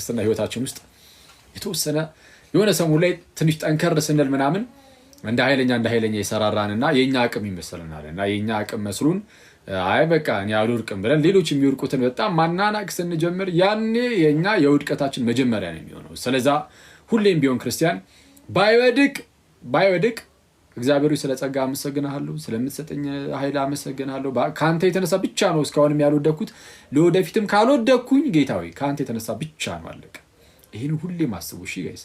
ክርስትና ህይወታችን ውስጥ የተወሰነ የሆነ ሰሙ ላይ ትንሽ ጠንከር ስንል ምናምን እንደ ኃይለኛ እንደ ኃይለኛ የሰራራንና የእኛ አቅም ይመስልናል እና የእኛ አቅም መስሉን አይ በቃ እኔ አልወድቅም ብለን ሌሎች የሚወድቁትን በጣም ማናናቅ ስንጀምር ያኔ የእኛ የውድቀታችን መጀመሪያ ነው የሚሆነው። ስለዛ ሁሌም ቢሆን ክርስቲያን ባይወድቅ ባይወድቅ እግዚአብሔር ስለ ጸጋ አመሰግናለሁ፣ ስለምትሰጠኝ ኃይል አመሰግናለሁ። ከአንተ የተነሳ ብቻ ነው እስካሁንም ያልወደኩት፣ ለወደፊትም ካልወደኩኝ ጌታዊ ከአንተ የተነሳ ብቻ ነው አለቀ። ይህን ሁሌም አስቡ። እሺ ጋይስ፣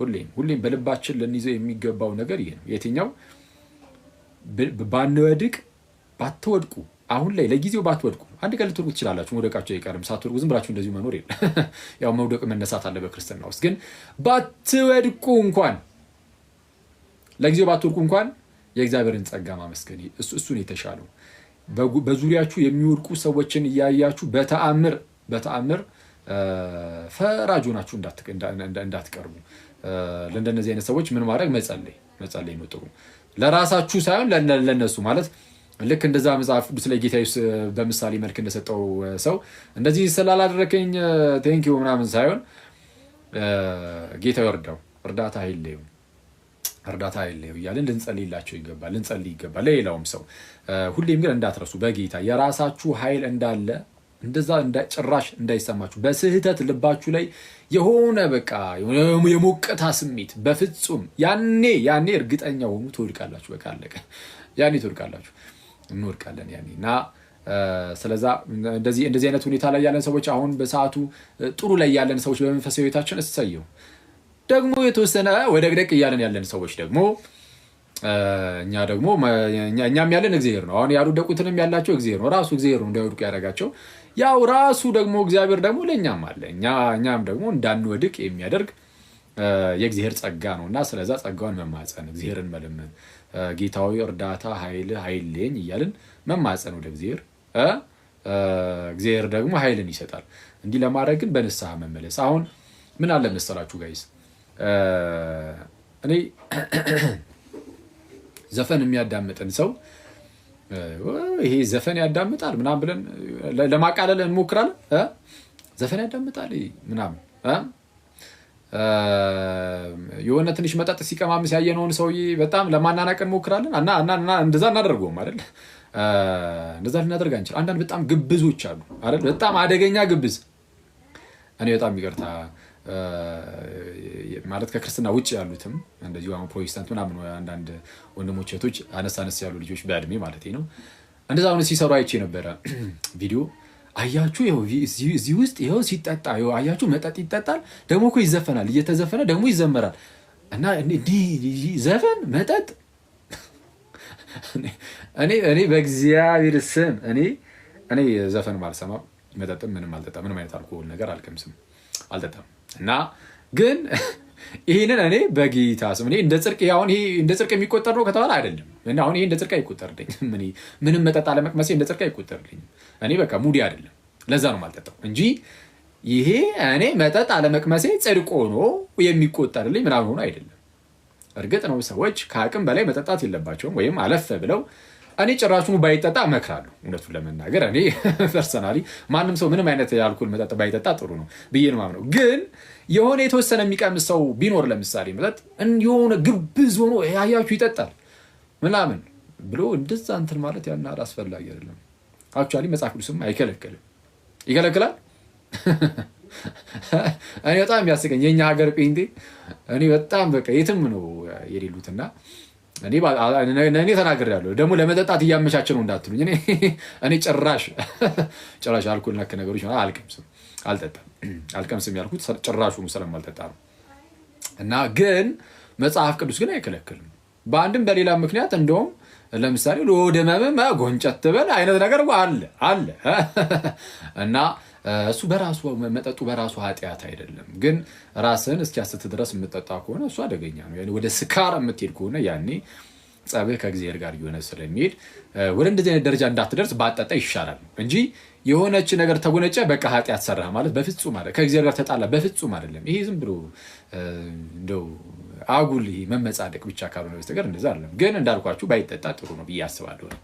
ሁሌም ሁሌም በልባችን ልንይዘው የሚገባው ነገር ይሄ ነው። የትኛው ባንወድቅ ባትወድቁ አሁን ላይ ለጊዜው ባትወድቁ አንድ ቀን ልትወድቁ ትችላላችሁ። መውደቃቸው አይቀርም። ሳትወድቁ ዝም ብላችሁ እንደዚሁ መኖር የለ። ያው መውደቅ መነሳት አለ በክርስትና ውስጥ ግን ባትወድቁ እንኳን ለጊዜው ባትወርቁ እንኳን የእግዚአብሔርን ጸጋ ማመስገን እሱን የተሻለው በዙሪያችሁ የሚወድቁ ሰዎችን እያያችሁ በተአምር በተአምር ፈራጅ ሆናችሁ እንዳትቀርቡ። ለእንደነዚህ አይነት ሰዎች ምን ማድረግ መጸለይ መጸለይ ነው ጥሩ። ለራሳችሁ ሳይሆን ለነሱ ማለት ልክ እንደዛ መጽሐፍ ቅዱስ ላይ ጌታ በምሳሌ መልክ እንደሰጠው ሰው እንደዚህ ስላላደረገኝ ቴንኪው ምናምን ሳይሆን ጌታ ይወርዳው እርዳታ አይለዩም። እርዳታ የለው እያለን ልንጸልይላቸው ይገባል፣ ልንጸልይ ይገባል። ለሌላውም ሰው ሁሌም ግን እንዳትረሱ በጌታ የራሳችሁ ኃይል እንዳለ እንደዛ ጭራሽ እንዳይሰማችሁ በስህተት ልባችሁ ላይ የሆነ በቃ የሞቀታ ስሜት በፍጹም ያኔ ያኔ እርግጠኛ ሆኑ ትወድቃላችሁ። በቃ አለቀ። ያኔ ትወድቃላችሁ፣ እንወድቃለን ያኔ እና ስለዛ እንደዚህ አይነት ሁኔታ ላይ ያለን ሰዎች አሁን በሰዓቱ ጥሩ ላይ ያለን ሰዎች በመንፈሳዊ ቤታችን እሰየው ደግሞ የተወሰነ ወደቅደቅ እያለን ያለን ሰዎች ደግሞ እኛ ደግሞ እኛም ያለን እግዚአብሔር ነው። አሁን ያልወደቁትንም ያላቸው እግዚአብሔር ነው። ራሱ እግዚአብሔር ነው እንዳይወድቁ ያደረጋቸው። ያው ራሱ ደግሞ እግዚአብሔር ደግሞ ለእኛም አለ። እኛም ደግሞ እንዳንወድቅ የሚያደርግ የእግዚአብሔር ጸጋ ነው እና ስለዛ ጸጋውን መማፀን፣ እግዚአብሔርን መልመን፣ ጌታዊ እርዳታ ኃይል ኃይልኝ እያልን መማፀን ወደ እግዚአብሔር። እግዚአብሔር ደግሞ ኃይልን ይሰጣል። እንዲህ ለማድረግ ግን በንስሐ መመለስ። አሁን ምን አለ መሰላችሁ ጋይስ እኔ ዘፈን የሚያዳምጥን ሰው ይሄ ዘፈን ያዳምጣል ምናምን ብለን ለማቃለል እንሞክራለን። ዘፈን ያዳምጣል ምናም የሆነ ትንሽ መጠጥ ሲቀማምስ ያየነውን ሰውዬ በጣም ለማናናቅ እንሞክራለን። እንደዛ እናደርገውም አይደል? እንደዛ ልናደርግ አንችል። አንዳንድ በጣም ግብዞች አሉ አይደል? በጣም አደገኛ ግብዝ። እኔ በጣም ይቅርታ ማለት ከክርስትና ውጭ ያሉትም እንደዚሁ አሁን ፕሮቴስታንት ምናምን አንዳንድ ወንድሞች እህቶች አነስ አነስ ያሉ ልጆች በእድሜ ማለት ነው እንደዛ ሆነ ሲሰሩ አይቼ ነበረ ቪዲዮ አያችሁ እዚህ ውስጥ ይኸው ሲጠጣ አያችሁ መጠጥ ይጠጣል ደግሞ እኮ ይዘፈናል እየተዘፈነ ደግሞ ይዘመራል እና ዘፈን መጠጥ እኔ እኔ በእግዚአብሔር ስም እኔ እኔ ዘፈን አልሰማም መጠጥም ምንም አልጠጣም ምንም አይነት አልኮል ነገር አልቀምስም አልጠጣም እና ግን ይህንን እኔ በጌታ ስም እኔ እንደ ጽድቅ አሁን ይሄ እንደ ጽድቅ የሚቆጠር ነው ከተባለ አይደለም። አሁን ይሄ እንደ ጽድቅ አይቆጠርልኝም። ምንም መጠጥ አለመቅመሴ እንደ ጽድቅ አይቆጠርልኝም። እኔ በቃ ሙዲ አይደለም። ለዛ ነው የማልጠጣው እንጂ ይሄ እኔ መጠጥ አለመቅመሴ ጽድቅ ሆኖ የሚቆጠርልኝ ምናምን ሆኖ አይደለም። እርግጥ ነው ሰዎች ከአቅም በላይ መጠጣት የለባቸውም ወይም አለፈ ብለው እኔ ጭራሹን ባይጠጣ እመክራለሁ። እውነቱን ለመናገር እኔ ፐርሰናሊ ማንም ሰው ምንም አይነት የአልኮል መጠጥ ባይጠጣ ጥሩ ነው ብዬ ነው የማምነው። ግን የሆነ የተወሰነ የሚቀምስ ሰው ቢኖር ለምሳሌ መጠጥ የሆነ ግብዝ ሆኖ ያያችሁ ይጠጣል ምናምን ብሎ እንደዛ እንትን ማለት ያን አስፈላጊ አይደለም። አክቹዋሊ መጽሐፍ ቅዱስም አይከለክልም። ይከለክላል? እኔ በጣም የሚያስቀኝ የእኛ ሀገር ጴንጤ እኔ በጣም በቃ የትም ነው የሌሉትና እኔ ተናግር ያለሁ ደግሞ ለመጠጣት እያመቻቸ ነው እንዳትሉኝ። እኔ ጭራሽ ጭራሽ አልኮል ነክ ነገሮች አልቀምስም፣ አልጠጣም። አልቀምስም ያልኩት ጭራሹኑ ስለማልጠጣ ነው። እና ግን መጽሐፍ ቅዱስ ግን አይከለክልም በአንድም በሌላ ምክንያት። እንደውም ለምሳሌ ለወደ መምም ጎንጨት ትበል አይነት ነገር አለ አለ እና እሱ በራሱ መጠጡ በራሱ ኃጢአት አይደለም፣ ግን ራስን እስኪያስት ድረስ የምጠጣ ከሆነ እሱ አደገኛ ነው። ወደ ስካር የምትሄድ ከሆነ ያኔ ጸብህ ከእግዚአብሔር ጋር እየሆነ ስለሚሄድ ወደ እንደዚህ አይነት ደረጃ እንዳትደርስ ባጠጣ ይሻላል እንጂ የሆነች ነገር ተጎነጨ፣ በቃ ኃጢአት ሰራ ማለት በፍጹም አለ። ከእግዚአብሔር ጋር ተጣላ በፍጹም አይደለም። ይሄ ዝም ብሎ እንደው አጉል መመጻደቅ ብቻ ካልሆነ በስተቀር እንደዛ አይደለም። ግን እንዳልኳችሁ ባይጠጣ ጥሩ ነው ብዬ አስባለሁ ነው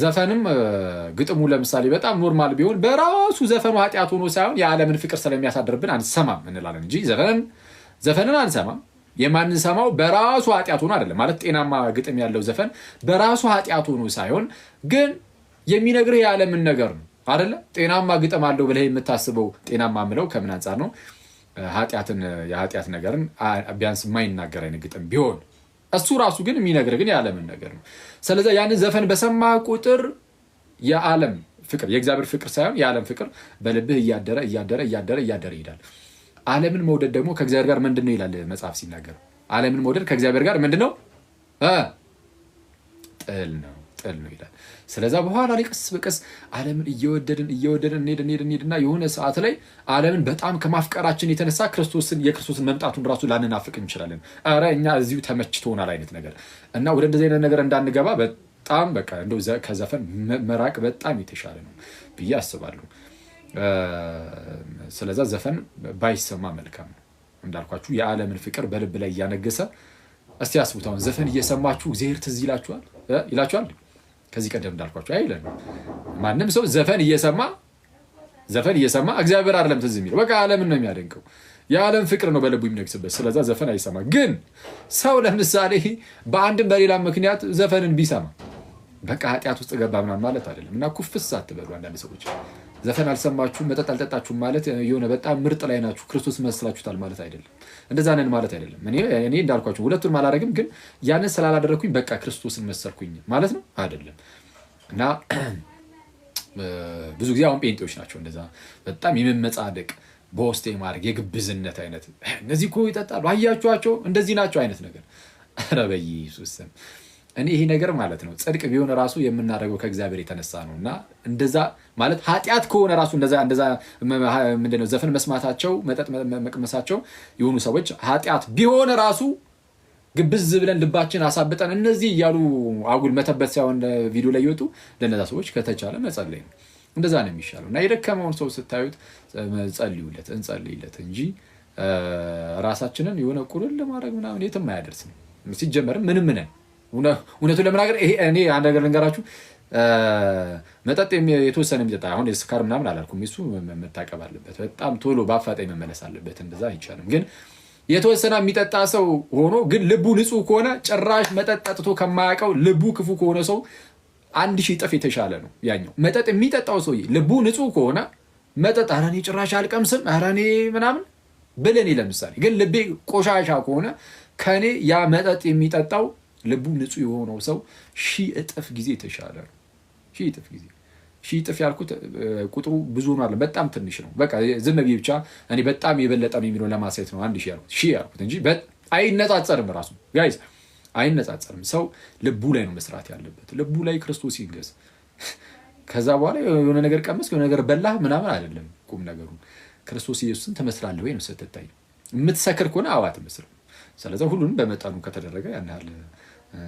ዘፈንም ግጥሙ ለምሳሌ በጣም ኖርማል ቢሆን በራሱ ዘፈኑ ኃጢአት ሆኖ ሳይሆን የዓለምን ፍቅር ስለሚያሳድርብን አንሰማም እንላለን እንጂ ዘፈንን አንሰማም። የማንሰማው በራሱ ኃጢአት ሆኖ አይደለም ማለት ጤናማ ግጥም ያለው ዘፈን በራሱ ኃጢአት ሆኖ ሳይሆን ግን የሚነግርህ የዓለምን ነገር ነው አይደለ? ጤናማ ግጥም አለው ብለህ የምታስበው ጤናማ ምለው ከምን አንጻር ነው? ኃጢአትን የኃጢአት ነገርን ቢያንስ የማይናገር አይነት ግጥም ቢሆን እሱ ራሱ ግን የሚነግር ግን የዓለምን ነገር ነው። ስለዚ ያንን ዘፈን በሰማ ቁጥር የዓለም ፍቅር የእግዚአብሔር ፍቅር ሳይሆን የዓለም ፍቅር በልብህ እያደረ እያደረ እያደረ እያደረ ይሄዳል። ዓለምን መውደድ ደግሞ ከእግዚአብሔር ጋር ምንድን ነው ይላል መጽሐፍ ሲናገር። ዓለምን መውደድ ከእግዚአብሔር ጋር ምንድን ነው? ጥል ነው። መቀጠል ነው ይላል። ስለዛ በኋላ ላይ ቀስ በቀስ ዓለምን እየወደድን እየወደድን እንሄድ እንሄድ እንሄድና የሆነ ሰዓት ላይ ዓለምን በጣም ከማፍቀራችን የተነሳ ክርስቶስን የክርስቶስን መምጣቱን ራሱ ላንናፍቅ እንችላለን። ኧረ እኛ እዚሁ ተመችቶናል አይነት ነገር እና ወደ እንደዚህ አይነት ነገር እንዳንገባ በጣም በቃ እንደው ከዘፈን መራቅ በጣም የተሻለ ነው ብዬ አስባለሁ። ስለዛ ዘፈን ባይሰማ መልካም ነው። እንዳልኳችሁ የዓለምን ፍቅር በልብ ላይ እያነገሰ እስቲ አስቡት። አሁን ዘፈን እየሰማችሁ እግዚአብሔር ትዝ ይላችኋል ይላችኋል ከዚህ ቀደም እንዳልኳቸው አይለም። ማንም ሰው ዘፈን እየሰማ ዘፈን እየሰማ እግዚአብሔር አይደለም ትዝ የሚለው በቃ ዓለምን ነው የሚያደንቀው። የዓለም ፍቅር ነው በልቡ የሚነግስበት። ስለዛ ዘፈን አይሰማ። ግን ሰው ለምሳሌ በአንድም በሌላ ምክንያት ዘፈንን ቢሰማ በቃ ኃጢአት ውስጥ ገባ ምናምን ማለት አይደለም እና ኩፍስ አትበሉ አንዳንድ ሰዎች ዘፈን አልሰማችሁም፣ መጠጥ አልጠጣችሁም ማለት የሆነ በጣም ምርጥ ላይ ናችሁ ክርስቶስ መስላችሁታል ማለት አይደለም። እንደዛ ነን ማለት አይደለም። እኔ እንዳልኳችሁ ሁለቱንም አላደርግም፣ ግን ያንን ስላላደረግኩኝ በቃ ክርስቶስን መሰልኩኝ ማለት ነው አይደለም። እና ብዙ ጊዜ አሁን ጴንጤዎች ናቸው እንደዛ በጣም የመመጻደቅ በውስጥ ማድረግ የግብዝነት አይነት እነዚህ እኮ ይጠጣሉ አያችኋቸው እንደዚህ ናቸው አይነት ነገር ረበይ ሱስም እኔ ይሄ ነገር ማለት ነው ጽድቅ ቢሆን ራሱ የምናደርገው ከእግዚአብሔር የተነሳ ነው እና እንደዛ ማለት ኃጢአት ከሆነ ራሱ እንደዛ ምንድነው ዘፈን መስማታቸው መጠጥ መቅመሳቸው የሆኑ ሰዎች ኃጢአት ቢሆን ራሱ ግብዝ ብለን ልባችን አሳብጠን እነዚህ እያሉ አጉል መተበት ሳይሆን ቪዲዮ ላይ ይወጡ ለነዛ ሰዎች ከተቻለ መጸለይ ነው። እንደዛ ነው የሚሻለው እና የደከመውን ሰው ስታዩት ጸልዩለት፣ እንጸልይለት እንጂ ራሳችንን የሆነ ቁርል ለማድረግ ምናምን የትም አያደርስም። ሲጀመርም ምንም ነን እውነቱን ለመናገር እኔ አንድ ነገር ልንገራችሁ፣ መጠጥ የተወሰነ የሚጠጣ አሁን የስካር ምናምን አላልኩም። እሱ መታቀብ አለበት፣ በጣም ቶሎ በአፋጣኝ መመለስ አለበት። እንደዛ አይቻልም። ግን የተወሰነ የሚጠጣ ሰው ሆኖ ግን ልቡ ንጹህ ከሆነ ጭራሽ መጠጥ ጠጥቶ ከማያውቀው ልቡ ክፉ ከሆነ ሰው አንድ ሺህ እጥፍ የተሻለ ነው ያኛው። መጠጥ የሚጠጣው ሰውዬ ልቡ ንጹህ ከሆነ መጠጥ ኧረ እኔ ጭራሽ አልቀምስም ኧረ እኔ ምናምን ብለኔ፣ ለምሳሌ ግን ልቤ ቆሻሻ ከሆነ ከኔ ያ መጠጥ የሚጠጣው ልቡ ንጹህ የሆነው ሰው ሺህ እጥፍ ጊዜ የተሻለ ነው። ሺህ እጥፍ ጊዜ ሺህ እጥፍ ያልኩት ቁጥሩ ብዙ ነው አለ በጣም ትንሽ ነው። በቃ ዝም ብዬ ብቻ እኔ በጣም የበለጠ ነው የሚለው ለማሳየት ነው አንድ ሺህ ያልኩት ሺህ ያልኩት እንጂ አይነጻጸርም። ራሱ ጋይዝ አይነጻጸርም። ሰው ልቡ ላይ ነው መስራት ያለበት። ልቡ ላይ ክርስቶስ ይንገስ። ከዛ በኋላ የሆነ ነገር ቀመስ የሆነ ነገር በላህ ምናምን አይደለም ቁም ነገሩ። ክርስቶስ ኢየሱስን ትመስላለህ ወይ ነው ስትታይ። የምትሰክር ከሆነ አዋት ምስል። ስለዚ ሁሉንም በመጠኑ ከተደረገ ያን ያህል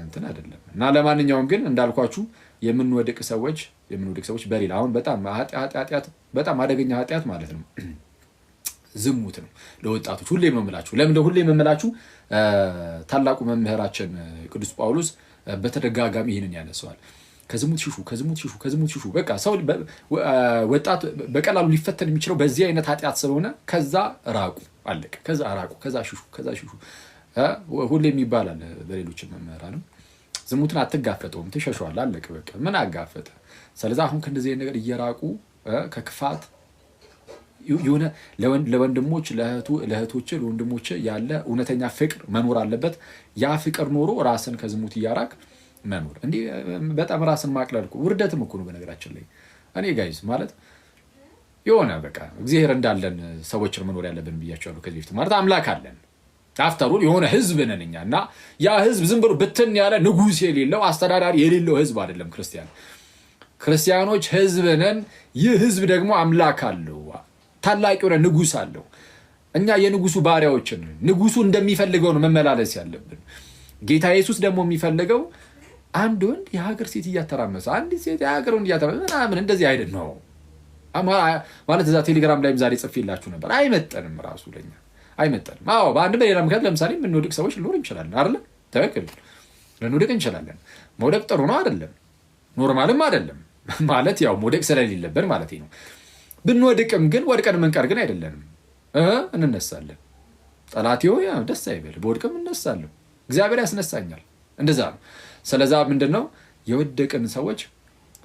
እንትን አይደለም እና ለማንኛውም ግን እንዳልኳችሁ የምንወድቅ ሰዎች የምንወድቅ ሰዎች በሌላ አሁን በጣም ኃጢአት በጣም አደገኛ ኃጢአት ማለት ነው ዝሙት ነው። ለወጣቶች ሁሌ የመምላችሁ ለምን ሁሌ የመምላችሁ ታላቁ መምህራችን ቅዱስ ጳውሎስ በተደጋጋሚ ይህንን ያነሰዋል። ከዝሙት ሽሹ፣ ከዝሙት ሽሹ፣ ከዝሙት ሽሹ። በቃ ሰው ወጣት በቀላሉ ሊፈተን የሚችለው በዚህ አይነት ኃጢአት ስለሆነ ከዛ ራቁ፣ አለቀ። ከዛ ራቁ፣ ከዛ ሽሹ፣ ከዛ ሽሹ ሁሌም ይባላል በሌሎች መምህራንም ዝሙትን አትጋፈጠውም፣ ትሸሸዋል። አለቅ በቃ ምን አጋፈጠ? ስለዚ አሁን ከእንደዚህ ነገር እየራቁ ከክፋት የሆነ ለወንድሞች ለእህቶች ለወንድሞች ያለ እውነተኛ ፍቅር መኖር አለበት። ያ ፍቅር ኖሮ ራስን ከዝሙት እያራቅ መኖር እንዲህ በጣም ራስን ማቅለል ውርደትም እኮ ነው በነገራችን ላይ እኔ ጋይዝ ማለት የሆነ በቃ እግዚአብሔር እንዳለን ሰዎችን መኖር ያለብን ብያቸዋሉ ከዚህ በፊት ማለት አምላክ አለን አፍተሩን የሆነ ህዝብ ነን እኛ እና ያ ህዝብ ዝም ብሎ ብትን ያለ ንጉሥ የሌለው አስተዳዳሪ የሌለው ህዝብ አይደለም ክርስቲያን። ክርስቲያኖች ህዝብ ነን። ይህ ህዝብ ደግሞ አምላክ አለው፣ ታላቅ የሆነ ንጉሥ አለው። እኛ የንጉሱ ባሪያዎችን ንጉሱ እንደሚፈልገው ነው መመላለስ ያለብን። ጌታ ኢየሱስ ደግሞ የሚፈልገው አንድ ወንድ የሀገር ሴት እያተራመሰ አንድ ሴት የሀገር ወንድ እያተራመሰ ምናምን እንደዚህ አይደል ነው ማለት። እዛ ቴሌግራም ላይም ዛሬ ጽፌላችሁ ነበር። አይመጠንም ራሱ ለኛ አይመጣልም። አዎ በአንድ በሌላ ምክንያት ለምሳሌ የምንወድቅ ሰዎች ልኖር እንችላለን አለ ትክክል፣ ልንወድቅ እንችላለን። መውደቅ ጥሩ ነው አይደለም፣ ኖርማልም አይደለም። ማለት ያው መውደቅ ስለሌለብን ማለት ነው። ብንወድቅም ግን ወድቀን መንቀር ግን አይደለንም። እንነሳለን። ጠላት ደስ አይበል፣ በወድቅም እነሳለሁ፣ እግዚአብሔር ያስነሳኛል። እንደዛ ነው። ስለዛ ምንድን ነው የወደቅን ሰዎች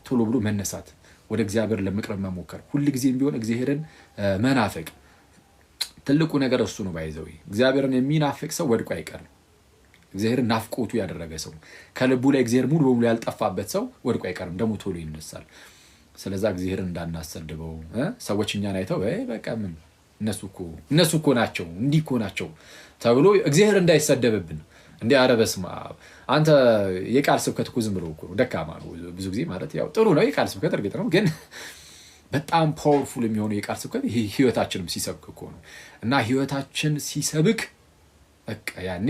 ቶሎ ብሎ መነሳት፣ ወደ እግዚአብሔር ለመቅረብ መሞከር፣ ሁልጊዜም ቢሆን እግዚአብሔርን መናፈቅ ትልቁ ነገር እሱ ነው። ባይዘው እግዚአብሔርን የሚናፍቅ ሰው ወድቆ አይቀርም። እግዚአብሔርን ናፍቆቱ ያደረገ ሰው ከልቡ ላይ እግዚአብሔር ሙሉ በሙሉ ያልጠፋበት ሰው ወድቆ አይቀርም፣ ደግሞ ቶሎ ይነሳል። ስለዛ እግዚአብሔር እንዳናሰድበው። ሰዎች እኛን አይተው በቃ ምን እነሱ እኮ እነሱ እኮ ናቸው እንዲህ እኮ ናቸው ተብሎ እግዚአብሔር እንዳይሰደብብን እንደ ኧረ በስመ አብ አንተ የቃል ስብከት እኮ ዝም ብሎ ደካማ ነው ብዙ ጊዜ ማለት ያው ጥሩ ነው የቃል ስብከት እርግጥ ነው ግን በጣም ፓወርፉል የሚሆነው የቃል ስብከት ይሄ ህይወታችንም ሲሰብክ እኮ ነው። እና ህይወታችን ሲሰብክ በቃ ያኔ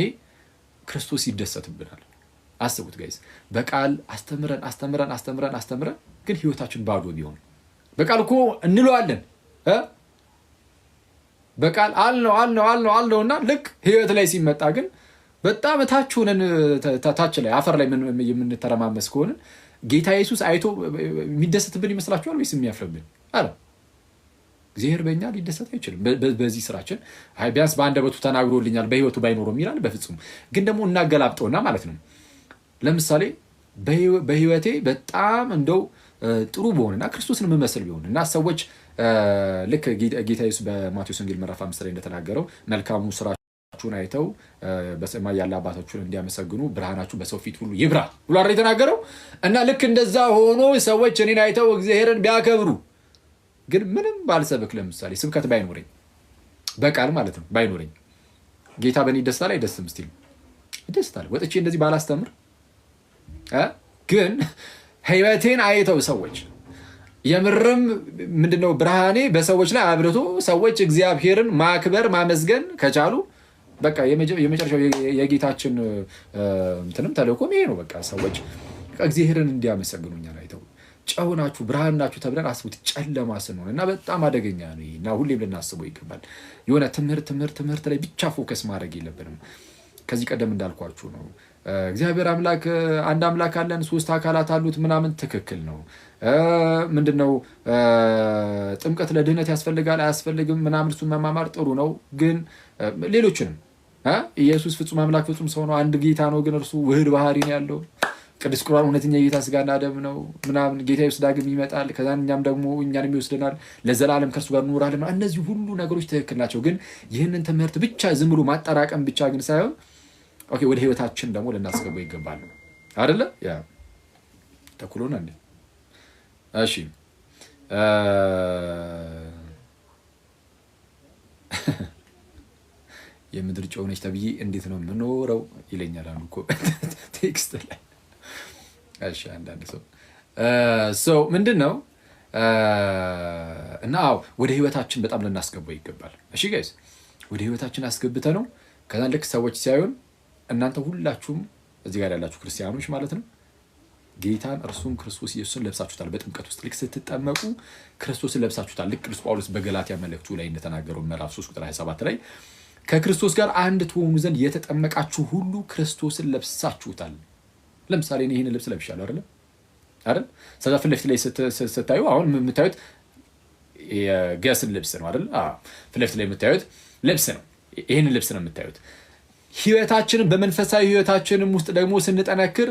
ክርስቶስ ይደሰትብናል። አስቡት ጋይዝ፣ በቃል አስተምረን አስተምረን አስተምረን አስተምረን ግን ህይወታችን ባዶ ቢሆን በቃል እኮ እንለዋለን በቃል አልነው አልነው አልነው አልነው እና ልክ ህይወት ላይ ሲመጣ ግን በጣም ታች ሆነን ታች ላይ አፈር ላይ የምንተረማመስ ከሆንን ጌታ ኢየሱስ አይቶ የሚደሰትብን ይመስላችኋል ወይስ የሚያፍርብን አለ። እግዚአብሔር በእኛ ሊደሰት አይችልም። በዚህ ስራችን ቢያንስ በአንደበቱ ተናግሮልኛል በህይወቱ ባይኖረም ይላል። በፍጹም ግን ደግሞ እናገላብጠውና ማለት ነው። ለምሳሌ በህይወቴ በጣም እንደው ጥሩ ቢሆንና ክርስቶስን የምመስል ቢሆን እና ሰዎች ልክ ጌታ ኢየሱስ በማቴዎስ ወንጌል ምዕራፍ አምስት ላይ እንደተናገረው መልካሙ ስራ ብርሃናችሁን አይተው በሰማይ ያለ አባታችሁን እንዲያመሰግኑ ብርሃናችሁ በሰው ፊት ሁሉ ይብራ ብሎ የተናገረው እና ልክ እንደዛ ሆኖ ሰዎች እኔን አይተው እግዚአብሔርን ቢያከብሩ ግን ምንም ባልሰብክ፣ ለምሳሌ ስብከት ባይኖረኝ በቃል ማለት ነው ባይኖረኝ ጌታ በእኔ ደስታ ላይ ደስ ምስል ደስታ ወጥቼ እንደዚህ ባላስተምር ግን ህይወቴን አይተው ሰዎች የምርም ምንድነው ብርሃኔ በሰዎች ላይ አብርቶ ሰዎች እግዚአብሔርን ማክበር ማመስገን ከቻሉ በቃ የመጨረሻው የጌታችን እንትንም ተልእኮም ይሄ ነው። በቃ ሰዎች እግዚአብሔርን እንዲያመሰግኑ እኛን አይተው ጨው ናችሁ ብርሃን ናችሁ ተብለን አስቡት። ጨለማ ስንሆን እና በጣም አደገኛ ነው ይሄ እና ሁሌም ልናስበው ይገባል። የሆነ ትምህርት ትምህርት ትምህርት ላይ ብቻ ፎከስ ማድረግ የለብንም። ከዚህ ቀደም እንዳልኳችሁ ነው። እግዚአብሔር አምላክ አንድ አምላክ አለን፣ ሶስት አካላት አሉት ምናምን ትክክል ነው። ምንድነው ጥምቀት ለድህነት ያስፈልጋል አያስፈልግም ምናምን እሱን መማማር ጥሩ ነው። ግን ሌሎችንም ኢየሱስ ፍጹም አምላክ ፍጹም ሰው ነው። አንድ ጌታ ነው፣ ግን እርሱ ውህድ ባህሪ ነው ያለው። ቅዱስ ቁርባን እውነተኛ ጌታ ስጋና ደም ነው ምናምን ጌታ ይወስድ ዳግም ይመጣል፣ ከዛ እኛም ደግሞ እኛንም ይወስደናል፣ ለዘላለም ከእርሱ ጋር እንኖራለን። እነዚህ ሁሉ ነገሮች ትክክል ናቸው። ግን ይህንን ትምህርት ብቻ ዝም ብሎ ማጠራቀም ብቻ ግን ሳይሆን ኦኬ ወደ ህይወታችን ደግሞ ልናስገባው ይገባል። አደለ ተኩሎን አንዴ እሺ የምድር ጨው ነች ተብዬ እንዴት ነው የምኖረው ይለኛል አንዱ እኮ ቴክስት ላይ። እሺ አንዳንድ ሰው ሰው ምንድን ነው እና አዎ ወደ ህይወታችን በጣም ልናስገባው ይገባል። እሺ ጋይስ ወደ ህይወታችን አስገብተ ነው ከዛ ልክ ሰዎች ሲያዩን እናንተ ሁላችሁም እዚህ ጋር ያላችሁ ክርስቲያኖች ማለት ነው ጌታን እርሱም ክርስቶስ ኢየሱስን ለብሳችሁታል። በጥምቀት ውስጥ ልክ ስትጠመቁ ክርስቶስን ለብሳችሁታል። ልክ ቅዱስ ጳውሎስ በገላትያ መልእክቱ ላይ እንደተናገረው ምዕራፍ 3 ቁጥር 27 ላይ ከክርስቶስ ጋር አንድ ትሆኑ ዘንድ የተጠመቃችሁ ሁሉ ክርስቶስን ለብሳችሁታል። ለምሳሌ ይህን ልብስ ለብሻለሁ አይደል አይደል? ከዛ ፊት ለፊት ላይ ስታዩ አሁን የምታዩት የገስን ልብስ ነው አይደል? ፊት ለፊት ላይ የምታዩት ልብስ ነው። ይህን ልብስ ነው የምታዩት። ህይወታችንን በመንፈሳዊ ህይወታችንም ውስጥ ደግሞ ስንጠነክር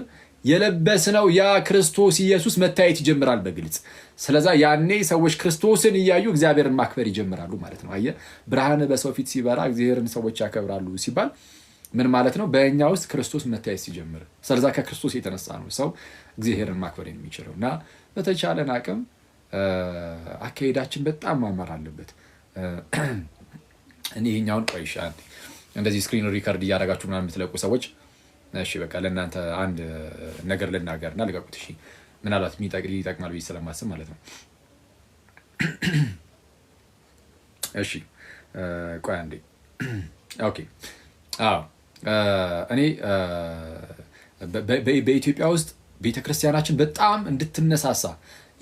የለበስነው ያ ክርስቶስ ኢየሱስ መታየት ይጀምራል በግልጽ። ስለዛ ያኔ ሰዎች ክርስቶስን እያዩ እግዚአብሔርን ማክበር ይጀምራሉ ማለት ነው። አየ ብርሃን በሰው ፊት ሲበራ እግዚአብሔርን ሰዎች ያከብራሉ ሲባል ምን ማለት ነው? በእኛ ውስጥ ክርስቶስ መታየት ሲጀምር፣ ስለዛ ከክርስቶስ የተነሳ ነው ሰው እግዚአብሔርን ማክበር የሚችለው እና በተቻለን አቅም አካሄዳችን በጣም ማማር አለበት። እኔ ይሄኛውን ቆይሻ እንደዚህ ስክሪን ሪከርድ እያደረጋችሁ ምናምን የምትለቁ ሰዎች እሺ በቃ ለእናንተ አንድ ነገር ልናገር እና ልቀቁት። እሺ ምናልባት ሊጠቅማል ብዬ ስለማስብ ማለት ነው። እሺ ቆይ አንዴ። ኦኬ አዎ እኔ በኢትዮጵያ ውስጥ ቤተክርስቲያናችን በጣም እንድትነሳሳ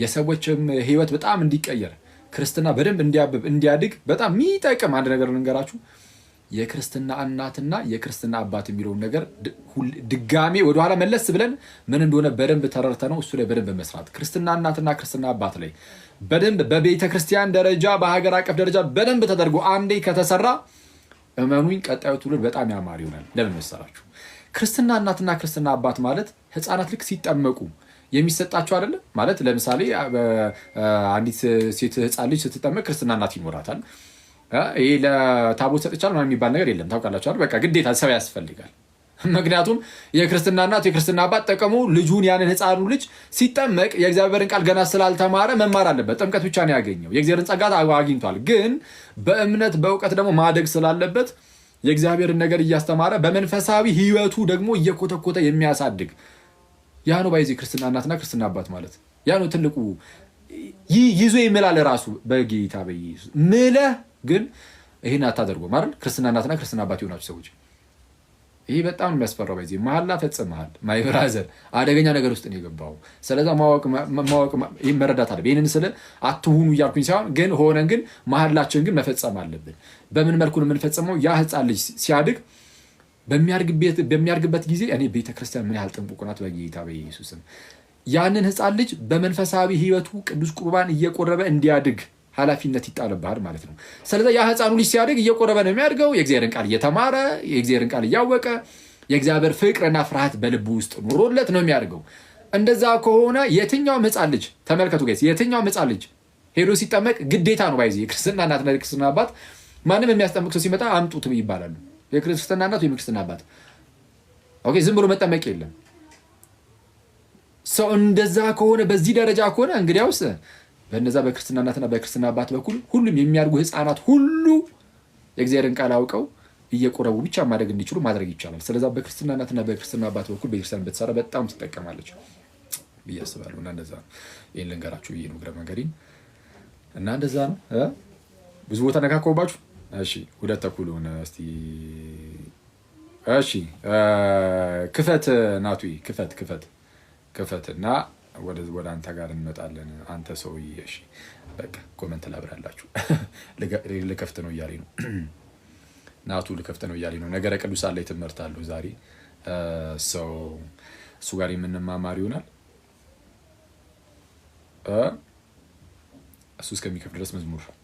የሰዎችም ህይወት በጣም እንዲቀየር ክርስትና በደንብ እንዲያብብ እንዲያድግ በጣም የሚጠቅም አንድ ነገር ልንገራችሁ። የክርስትና እናትና የክርስትና አባት የሚለውን ነገር ድጋሜ ወደኋላ መለስ ብለን ምን እንደሆነ በደንብ ተረርተ ነው እሱ ላይ በደንብ መስራት ክርስትና እናትና ክርስትና አባት ላይ በደንብ በቤተ ክርስቲያን ደረጃ በሀገር አቀፍ ደረጃ በደንብ ተደርጎ አንዴ ከተሰራ እመኑኝ ቀጣዩ ትውልድ በጣም ያማር ይሆናል። ለምን መሰላችሁ? ክርስትና እናትና ክርስትና አባት ማለት ህፃናት ልክ ሲጠመቁ የሚሰጣቸው አይደለም ማለት ለምሳሌ አንዲት ሴት ህፃን ልጅ ስትጠመቅ ክርስትና እናት ይኖራታል። ይሄ ለታቦት ሰጥቻል ምናምን የሚባል ነገር የለም። ታውቃላችኋል። በቃ ግዴታ ሰው ያስፈልጋል። ምክንያቱም የክርስትና እናት የክርስትና አባት ጠቀሙ ልጁን ያንን ህፃኑ ልጅ ሲጠመቅ የእግዚአብሔርን ቃል ገና ስላልተማረ መማር አለበት። ጥምቀት ብቻ ነው ያገኘው። የእግዚአብሔርን ጸጋት አግኝቷል፣ ግን በእምነት በእውቀት ደግሞ ማደግ ስላለበት የእግዚአብሔርን ነገር እያስተማረ በመንፈሳዊ ህይወቱ ደግሞ እየኮተኮተ የሚያሳድግ ያ ነው ባይዚ ክርስትና እናትና ክርስትና አባት ማለት ያ ነው ትልቁ ይዞ ይምላል ራሱ በጌታ በኢየሱስ ምለህ ግን ይህን አታደርጉ ማለት ክርስትና እናትና ክርስትና አባት የሆናችሁ ሰዎች ይህ በጣም የሚያስፈራው በዚህ መሀላ ፈጽመሃል። ማይብራዘር አደገኛ ነገር ውስጥ ነው የገባው። ስለዛ ማወቅ ይህ መረዳት አለ። ይህንን ስለ አትሁኑ እያልኩኝ ሳይሆን ግን ሆነን ግን መሀላችን ግን መፈጸም አለብን። በምን መልኩ ነው የምንፈጸመው? ያ ህፃን ልጅ ሲያድግ በሚያድግበት ጊዜ እኔ ቤተክርስቲያን ምን ያህል ጥንቁቅ ናት! በጌታ በኢየሱስም ያንን ህፃን ልጅ በመንፈሳዊ ህይወቱ ቅዱስ ቁርባን እየቆረበ እንዲያድግ ኃላፊነት ይጣልብሃል ማለት ነው። ስለዚ ያ ህፃኑ ልጅ ሲያደግ እየቆረበ ነው የሚያድገው። የእግዚአብሔርን ቃል እየተማረ የእግዚአብሔርን ቃል እያወቀ የእግዚአብሔር ፍቅርና ፍርሃት በልብ ውስጥ ኑሮለት ነው የሚያደርገው። እንደዛ ከሆነ የትኛው ህፃን ልጅ ተመልከቱ ጋይስ፣ የትኛው ህፃን ልጅ ሄዶ ሲጠመቅ ግዴታ ነው ባይዚ የክርስትና እናትና የክርስትና አባት ማንም የሚያስጠምቅ ሰው ሲመጣ አምጡት ይባላሉ። የክርስትና እናት ወይም የክርስትና አባት ኦኬ፣ ዝም ብሎ መጠመቅ የለም ሰው። እንደዛ ከሆነ በዚህ ደረጃ ከሆነ እንግዲያውስ በነዛ በክርስትና እናትና በክርስትና አባት በኩል ሁሉም የሚያድጉ ህፃናት ሁሉ የእግዚአብሔርን ቃል አውቀው እየቆረቡ ብቻ ማድረግ እንዲችሉ ማድረግ ይቻላል። ስለዛ በክርስትና እናትና በክርስትና አባት በኩል ቤተክርስቲያን በተሰራ በጣም ትጠቀማለች ብዬ አስባለሁ። እና እንደዛ ነው። ይህን ልንገራችሁ ብዬ ነው እግረ መንገዴን እና እንደዛ ነው። ብዙ ቦታ ነካከባችሁ እሺ፣ ሁለት ተኩል ሆነ። እስቲ እሺ፣ ክፈት ናቱ፣ ክፈት ክፈት ክፈት እና ወደ አንተ ጋር እንመጣለን። አንተ ሰውዬ፣ እሺ በቃ ኮመንት ላብራላችሁ። ልከፍት ነው እያሌ ነው ናቱ፣ ልከፍት ነው እያሌ ነው። ነገረ ቅዱሳን ላይ ትምህርት አለሁ ዛሬ ሰው እሱ ጋር የምንማማር ይሆናል። እሱ እስከሚከፍል ድረስ መዝሙር